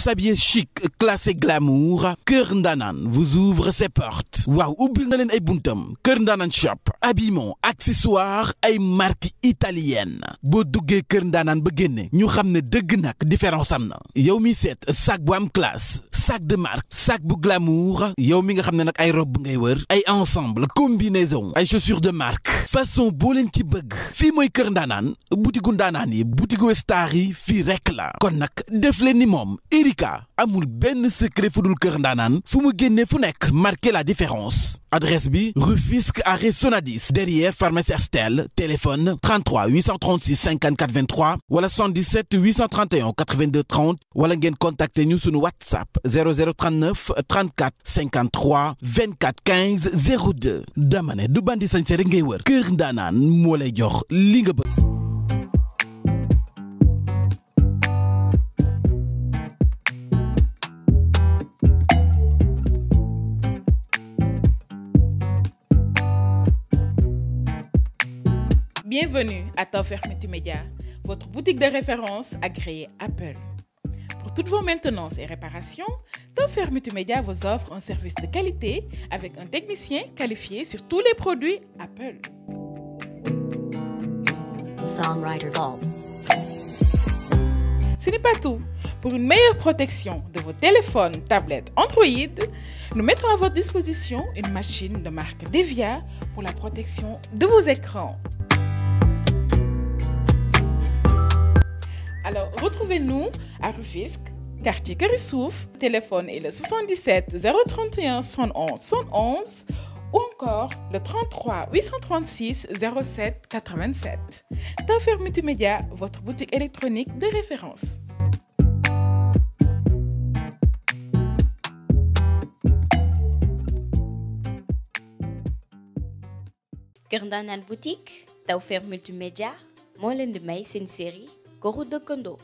pour s'habiller chic classé glamour Kër Ndanaan vous ouvre ses portes waaw ubbil na leen ay buntam Kër Ndanaan shop habillement accessoire ay marque italienne boo duggee Kër Ndanaan ba génne ñu xam ne dëgg nag différence am na yow mi set sac bu am classe sac de marque sac bu glamour yow mi nga xam ne nag ay robe ngay wër ay ensemble combinaison ay chaussures de marque façon boo leen ci bëgg fii mooy kër ndaanaan butigu ndaanaan yi butigu star yi fii rek la kon nag def leen ni moom Erika amul benn secret fu dul kër ndaanaan fu mu génnee fu nekk marqué la différence adresse bi Rufisque arrêt Sonadis derrière pharmacie Astel téléphone 33 836 54 23 wala 77 831 82 30 wala ngeen contacter ñu sunu whatsapp 0039 34 53 24 15 02 dama ne du bandi sañ se rek ngay kër ndaanaan moo Bienvenue à Tawfekh Multimédia, votre boutique de référence agréée Apple. Pour toutes vos maintenances et réparations, Tawfekh Multimédia vous offre un service de qualité avec un technicien qualifié sur tous les produits Apple. Songwriter Vault. Ce n'est pas tout. Pour une meilleure protection de vos téléphones, tablettes, Android, nous mettons à votre disposition une machine de marque Devia pour la protection de vos écrans. retrouvez-nous à Rufisque, quartier Carissouf. Le téléphone est le 77 031 111 ou encore le 33 836 07 87. Tawfekh Multimédia, votre boutique électronique de référence. moo leen di may seen série Këru Dëkkandoo.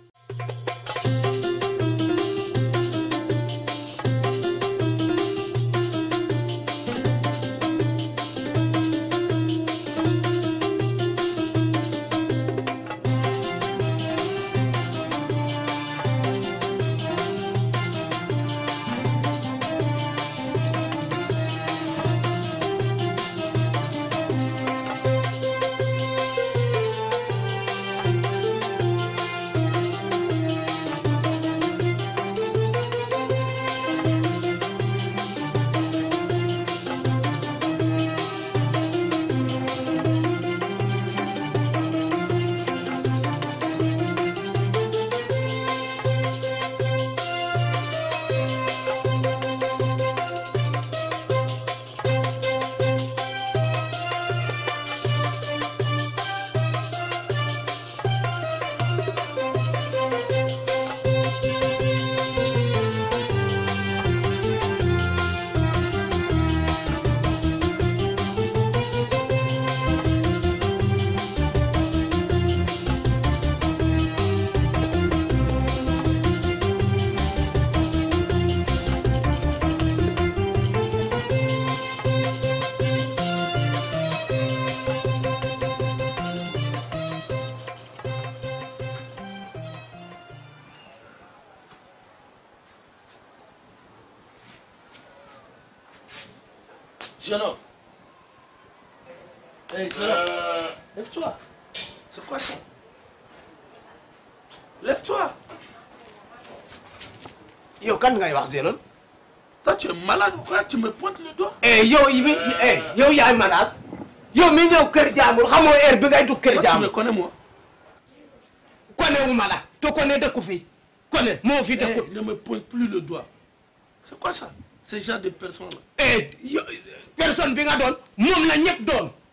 Hey, euh... Lève-toi. C'est Yo, quand ngay wax Zélol Toi, tu es malade ou Tu me pointes le doigt Eh, yo, il euh... hey, yo, yaay malade. Yo, mi ñëw kër jaamul xamoo heure bi ngay dugg kër jaamul. Tu me connais moi Connais wu ma la. Tu connais dëkku fii. Connais, moo fi dëkku. Hey, eh, ne me pointe plus le doigt. C'est quoi ça Ce genre de personne là Eh, yo, personne bi nga doon moom la ñëpp doon.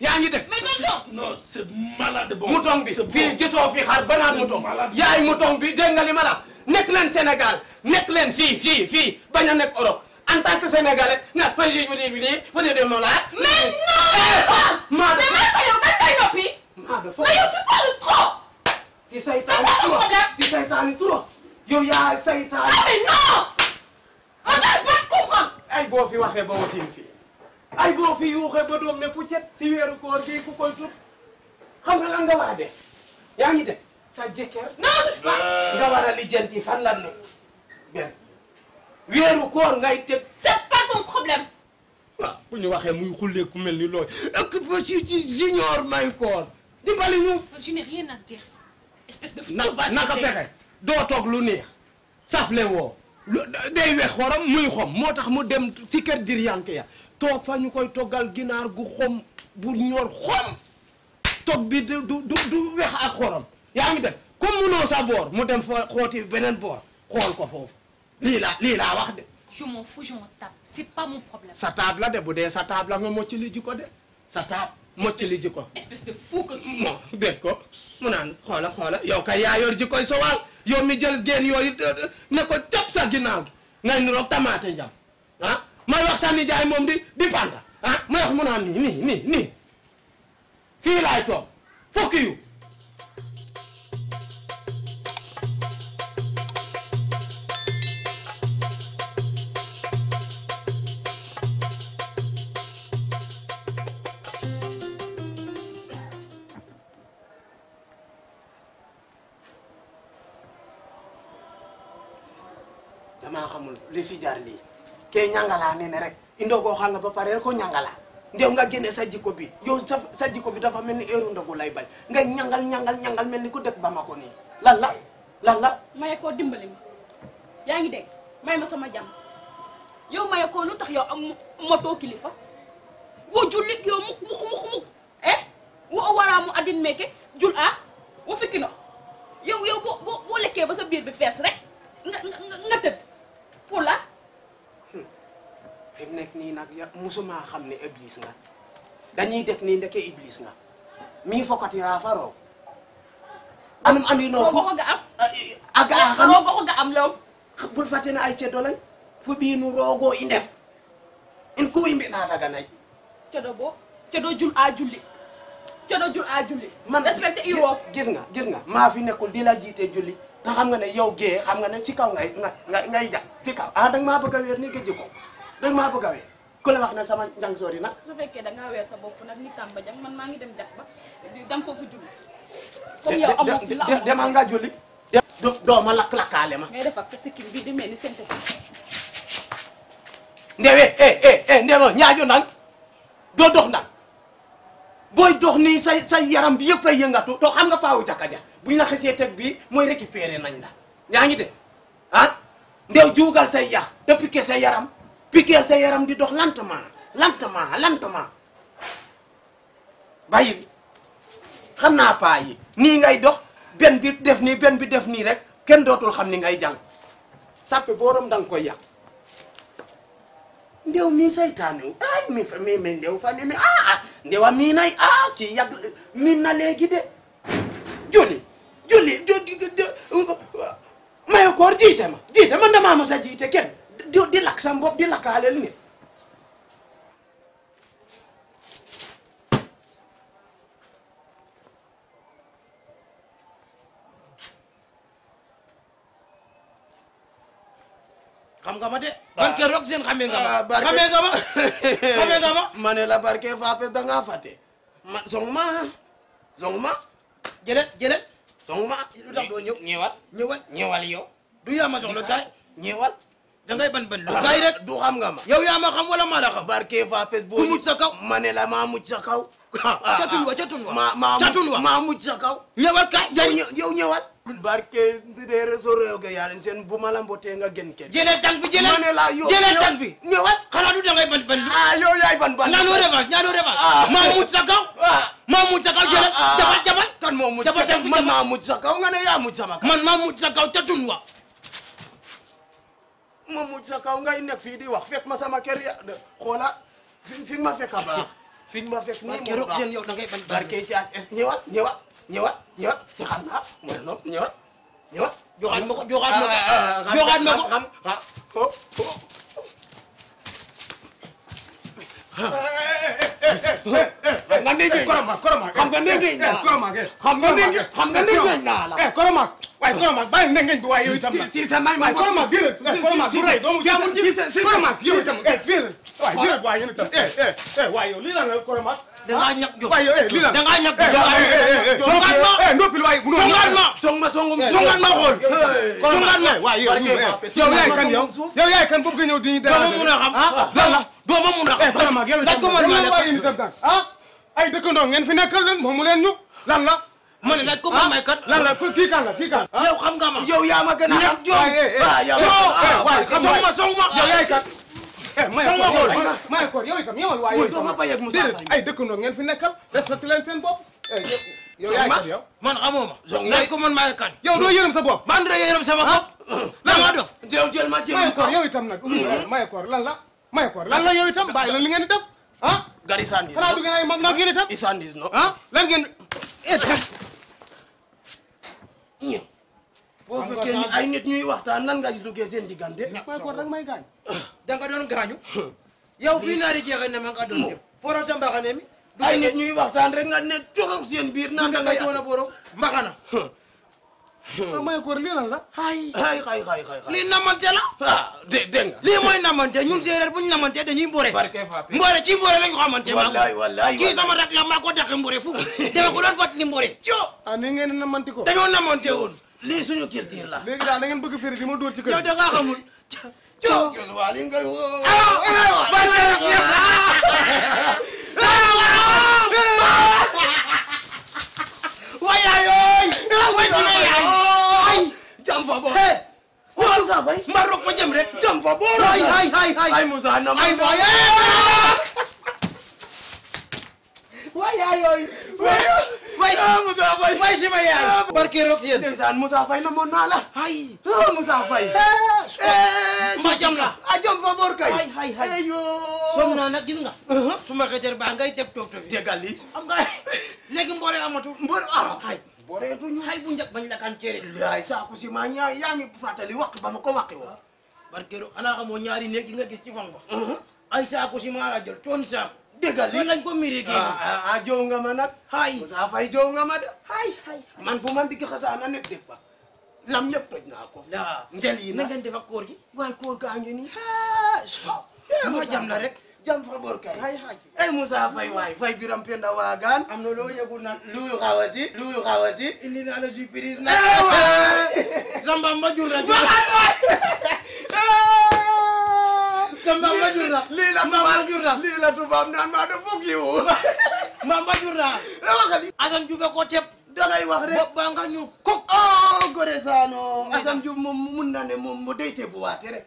yaa ngi def mais tonton non c'est malade bon. bi fii gisoo fi xar banaan mu tong yaay mu bi dégg nga li ma la nekk leen Sénégal nekk leen fii fii fii bañ a nekk Europe en tant que sénégalais na peut être peut être lii peut être moom laa. mais eh, non. Eh, maa noppi. maa dafa tu parles trop. ci saytaani trop trop. yow yaa saytaani. ah mais non. ma doon pas comprendre. ay boo fi waxee ba wasiin fii. ay boo fi yuuxee ba doom ne puccet ci weeru koor gi ku koy tut xam nga lan nga war a def yaa ngi def sa jëkkër naanusba euh. nga war a lijjanti fan lan ne benn weeru koor ngay teg c'est pas ton problème waaw ah, bu ñu waxee muy xullee ku mel ni looy ak ba si junior may koor dimbali ñu je n'ai rien à dire fexe doo toog lu neex safle woo day wex xorom muy xom moo tax mu dem ci kër dir ya toog fa ñu koy toggal ginaar gu xom bu ñor xom togg bi du du du weex ak xorom yaa ngi def comme munoo sa boor mu dem fa xooti beneen boor xool ko foofu lii laa lii laa wax de. je sa table la de bu dee sa table la nga mocc li ji ko de sa table mocc li ji ko. espèce de ko mu naan xoola xoola yow kay yaa yor ji yow mi jël génn yooyu euh, euh, ne ko jàpp sa ginnaaw gi ngay niroog tamaate njam may wax sànni jaay moom di di panda ah may mu naan nii nii nii kii laay toog fukki yu li ke ñangalaa nene rek i ndogooxanga ba pare rek o ñangala ndew nga génne sa jikko bi yow sa jikko bi dafa mel ni heure ndogu lay bañ nga ñangal ñangal ñangal mel ni ku dëkk Bamako nii lan la lan la maye koo dimbali ma yaa ngi dégg may ma sama jàmm yow maye koo lu tax yow am moto kilifa wo jullit yow muk muk muk eh wo waraa mu addin meeke jul ah? a wo fikki no yow yow boo boo lekkee ba sa biir bi fees rek nga nga nga tëdd pour nekk ni nag musuma xam ne iblis nga dañuy def nii ndeke iblis nga mi fokkati raa faroo anum andinoo fo ga am ah, aga ga am lom bul fàtte na ay ceddo lañ fo ɓiinu roogo i ndef in ku i mbiɗa daga nay ceddo jul a julli ceddo jul a julli man respecté gis nga gis nga maa fi nekkul di la jiite julli te xam nga ne yow gee xam nga ne si kaw ngay ngay ngay ja si kaw ah danga maa bëgg a wéer ni ke jikko dag maa bëgg a ku la wax na sama njàng sori na. su fekkee da ngaa sa bopp nag ni Tamba Diagne man maa ngi dem def ba dam foofu julli. comme yow amoo demal nga julli. do doo ma lakk lakkaale ma. ngay def ak sa sikkim bii di mel ni seen ko. ndewe eh eh eh, eh doo dox na booy dox nii say say yaram bi yëpp ay yëngatu to xam nga paawu jàkka ja buñ la xasee teg bii mooy récupéré nañ la yaa ngi de ah ndew juugal say yax depuis que say yaram. piquer sa yaram di dox lentement lentement lentement bàyyi bi xam naa paa yi nii ngay dox benn bi def benn bi def nii rek kenn dootul xam ni ngay jàng sàppe boorom dang koy yàq ndew mii saytaane wu ay mi fa mi mi ndew fa ne ah, ah ndewa mii nay ah, kii yàgg miin na léegi de julli julli mayo koor jiite ma jiite man damaa mas a jiite kenn di di lakk sa di lakkaaleel nit xam nga ma de. barke rok seen xamee nga ah, barke xamee nga ma xamee barke faape da ngaa fàtte. ma song ma song ma jëlet jëlet song ma lu tax doo ñëw ñëwal yow. du yaa ma soxla kaay ñëwal. da ngay ban ban lu ah, kay rek du xam nga ma yow yaa ma xam wala maa la xam barke fa fes boo ku mucc sa kaw ma ne la maa mucc sa kaw catun wa catun wa catun wa maa mucc sa kaw ñëwal ka yow ñëwal barke de réseau réew ga yàlla seen bu ma la mbotee nga gën kenn jëlee tànk bi jëlee ma ne la yow jëlee tànk bi ñëwal xanaa du da ngay ban ban ah yow yaay ban ban ñaanoo revanche ñaanoo revanche ah. maa mucc sa kaw ah. maa mucc sa kaw jëlee jabal jabal kan moo mucc sa kaw man maa mucc sa kaw nga ne yaa mucc sama kaw man maa mucc sa kaw catun wa ma mujj sa kaw ngay nekk fii di wax fekk ma sama kër ya xoola fi fi ma fekk a baax fi ma fekk nii mu baax yow da ngay bañ barke ci ak es ñëwaat ñëwaat ñëwaat ñëwaat si xam naa mooy noonu ñëwaat ñëwaat joxaat ma ko joxaat ma ko joxaat ma ko xam xam nga ndéggéey koroma koroma xam nga ndéggéey naa la koroma xam nga ndéggéey naa la koroma waaye Koroma bàyyi na ngeen bi waaye yow itam la si sa may ma Koroma biiral Koroma bu rey doomu jaamu ji Koroma yow itam eh biiral waaye biiral waaye yow itam eh eh eh waaye yow lii lan la Koroma da ngaa ñàkk jóg waaye yow eh lii lan da ngaa ñàkk jóg songaat ma ndoppil waaye bu songaat ma song ma song songaat ma xool songaat ma waaye yow yow yaay kan yow yow yaay kan bëgg nga ñëw di ñu dara doo ma mun a xam lan la doo ma mun a xam Koroma yow itam laaj ko man ma ne ah ay dëkkandoo ngeen fi nekkal leen moom mu leen ñu lan la ma ne laaj ko man may kat. lan la kii kan la kii kan. yow xam nga ma yow yaa ma gën a. ñàkk joo waaw yow waaw soog ma soog eh, ma. yow yaay kat. soog eh, ma kóol maa ngi ko yow itam yow waaye. yow doo ma bàyyeeg Moussa ay dëkkandoo ngeen fi nekkal respecté leen seen bopp. Eh, yow yaay kat yow man xamoo ma. laaj ko man may kan. yow doo yërëm sa bopp. man doo yërëm sama ah. bopp. lan ma dof. yow jël ma jël ko yow itam nag. Mm-hmm. may koor lan la may koor lan la yow itam bàyyi la li ngeen di def ah. gari sandis. xanaa du ngeen ay mag nag ngeen itam. isandis no ah lan ngeen. ñëw boo fekkee ni ay nit ñuy waxtaan nan nga ci duggee seen diggante. may ko rek may gaañ. da nga doon gaañu. yow fii naa di jeexee ne ma nga doon dem. borom sa mbaxane mi. ay nit ñuy waxtaan rek nga ne torop seen biir. naan nga ngay woon a borom mbaxana. Ah, may koor lii lan la. ay ay ay ay lii namante la. ah dégg nga. lii mooy namante ñun séeréer bu ñu namante dañuy mboore. barke Fapé ci mboore la ñu xamante. wallaay wallaay kii sama rak la maa ko dàq mboore fu dama ko doon fàttali ah, ni ngeen di namante ko. dañoo namante woon lii suñu culture daal da ngeen bëgg firi di ma dóor ci kër yow da ngaa xamul. jam fa boor Moussa Faye mba rok fa jëm rek jam fa boor ay ay ay ay Moussa na ay ay ah, barke rok yéen ndeysaan Moussa na moon naa la ay ah, Moussa Faye eh, ma eh, jam la a ah, jam fa boor kay ay ay ay yo som gis nga uh-huh. suma xeter baa ngay teb toog toog déggal li am nga léegi mbore amatu mbor ah ay boreetuñu xay bu njëkk bañ la cere laay saako si ma ñaa yaa ngi fàttali waxtu ba ma ko waxee woon barkeeru xanaa xamoo ñaari néeg yi nga gis ci fan ba uh-huh. ay saako si maa la toon saako dëggal li lañ ko miri kii a jow nga ma nag hay sa fay jow man bu man di xasaa na nekk def ba lam yëpp toj naa ko njel yi na ngeen def ak koor gi waaye koor a ngi nii ha ma jam la rek jam fa bor kay ay eh, Moussa waay Faye Biram Penda Waagaan am na loo yëgul naan luyu xawati luyu xawati indi naa la surprise na eh, samba ma jur jur na lii tubaab naan maa da fukki wu ma jur na la eh, waxali Assane Diouf ko teb dangay wax rek ba ñu kok oh gore saano Assane Diouf mun na ne moom mo day tebuwaate rek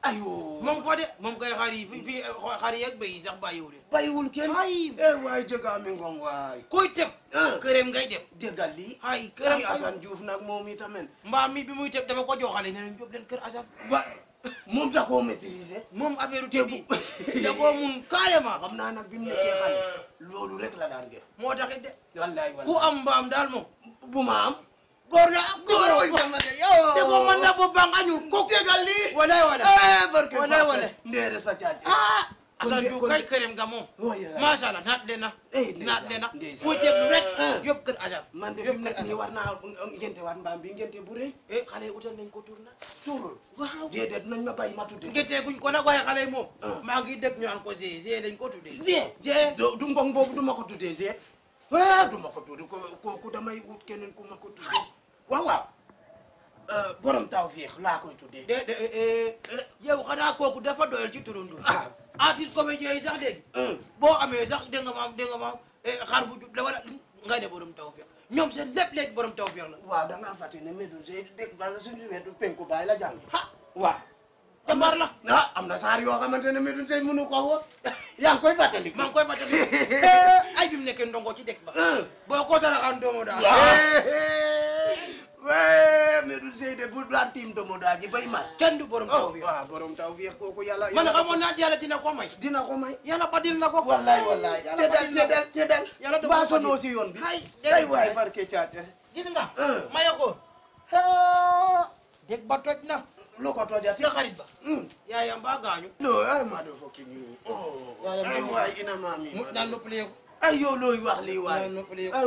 ayoo moom ko de moom kay xar yi fi yi ak béy yi sax bàyyiwul leen. bàyyiwul kenn ay eh, waay jëga mi ngong waay. koy tëb. Eh. këram ngay dem. déggal lii ay këram ay Assane Diouf nag moom itamit. mbaa mi bi muy tëb dama ko joxale ne leen jóob leen kër Assane. ba moom da koo maîtriser. moom affaire tëb bi da koo mun carrément. xam naa nag bi mu nekkee loolu rek la daan def. moo taxit de. wallaay wallaay ku am mbaam daal moom. bu ma am. góor la góor way sama de yow de ko man na bo bang añu ko tegal li wala wala eh barke wala wala ndere sa jaaje ah asan ju kay kerem ga moom masha Allah naat dena eh, naat dena ku teglu rek eh. yóbbu kër asan man de ni war naa euh, ngente war mbaam bi ngente bu rëy eh xale yi utal nañ ko tur na turul waaw déedéet nañ ma bàyyi ma tudde ngente guñ ko nag waaye xale yi moom ah. maa ngi dégg ñu naan ko zee zee lañ ko tudde zee zee du ngong boobu du ma ko tudde zee ah du ma ko tudde ko ko damay wut keneen ku ma ko tudde waaw waaw euh, borom tawfeex laa koy tuddee. de eh, eh, yow xanaa kooku dafa doyal ci turundu. ah artiste comédien yi sax léegi. boo amee sax dégg nga maam dégg nga maam eh, xar bu jub la wala nga ne borom tawfeex ñoom seen lépp léegi borom tawfeex la. waa da a fàtte ne Médouze dégg nga suñu wetu penku baay la jàng. ah waaw. jàmbaar la ah am na saar yoo xamante ne Médouze mënu mun woo. yaa ngi koy fàttali. maa ngi koy fàttali ay bi mu nekkee ndongo ci dëkk ba. boo ko saraxaan doomu daal. waaw mais du sey de bu daan tiim doomu daa ji bay ma kenn du borom oh, taw bi waaw borom taw bi kooku yàlla man xamoon naa yàlla dina ko may dina ko na ko wallahi wallahi te dal te dal te dal yàlla ba sonoo si yoon bi ay ay waay euh. ba toj na lu ko toj ati xarit ba hmm. yaayam ba gaañu no ay ma do fokki ni oh ay waay looy wax lii waay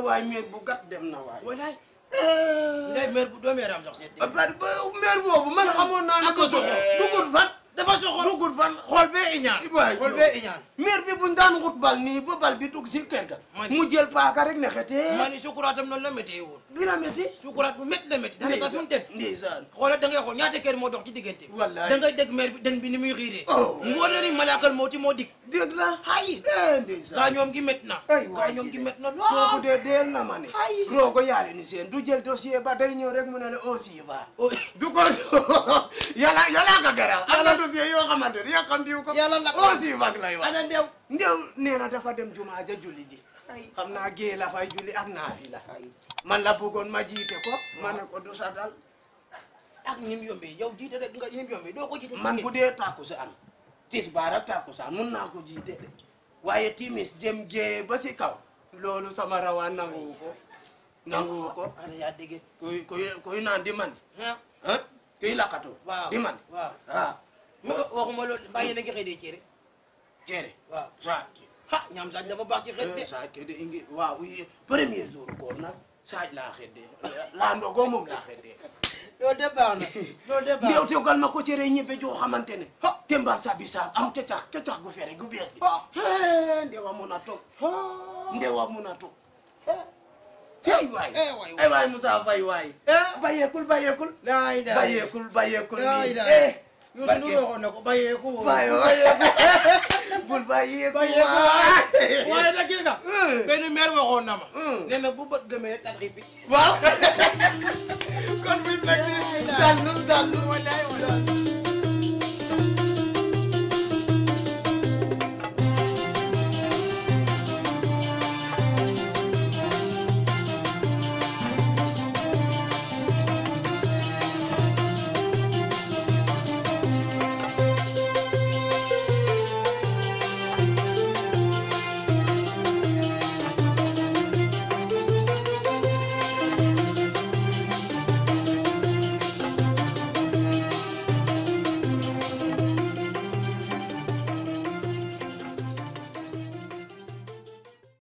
ay bu gàtt dem na waay ndey euh. meer bu doo meer am sax seet. ba meer boobu man xamoon naa ne. ak a soxla duggul fan. dafa soxor duggul fan xool bee iñaan. Ibrahima xool bee iñaan. maire bi buñ daan wut bal nii ba bal bi dugg si kër ga. mu jël paaka rek ne xetee. ma ni sukuraatam noonu la métti woon. bi la métti. sukuraat bu métti la métti. da nga suñu tënk. ndeysaan xoolal da xool ñaata kër moo dox ci diggante. wallaay da ngay dégg maire bi dën bi ni muy xiiree. wóor na ni malaakal moo ci moo dikk. dégg la ayi. Eh, ndeysaan gaa ñoom gi métti na. aywa gaa ñoom gi métti na lool. kooku de deel ma ne. ayi du jël dossier ba day ñëw rek mu ne la oh, aussi va. Oh. du ko dossier yoo xamante ni yàqam diw oh, lay wax. ndew ndew nee na dafa dem jumaa ja julli ji. xam naa gée la fay julli ak naafi la. man la bëggoon ma jiite ko. ma ne ko du sa dal. ak ni mu yombee yow jiite rek nga yombee doo ko jiite. man bu dee takkusaan tisbaar ak takkusaan mun naa ko jiite de waaye timis jëm gée ba si kaw. loolu sama rawaan nanguwu ko. nanguwu ko. ana yaa dégg kuy kuy kuy naan di man. ah kuy laqatu. waaw di man waaw. Ah. ma waxuma loolu bàyyi na nga cere. cere ah ñaam saaj dafa baax ci xet de. Eh, saaki de ingi waaw premier jour koor saaj laa xet laa ndogoo laa xet de. loolu de baax na loolu de baax na ndew tegal ma ko joo xamante ne. tembar sa am kecax kecax gu fere gu bees gi. ndewa mun a toog ndewa mun a toog. ay waay eh, ay eh, waay Moussa Faye waay. bàyyeekul barke Youssou waxoon na ko bàyyeeku. bàyyeeku bul bàyyeeku waay. waaye nag gis nga. benn maire waxoon na ma. nee bu bët gëmee tarxi bi. waaw. kon bi mu nekk nii daal daal.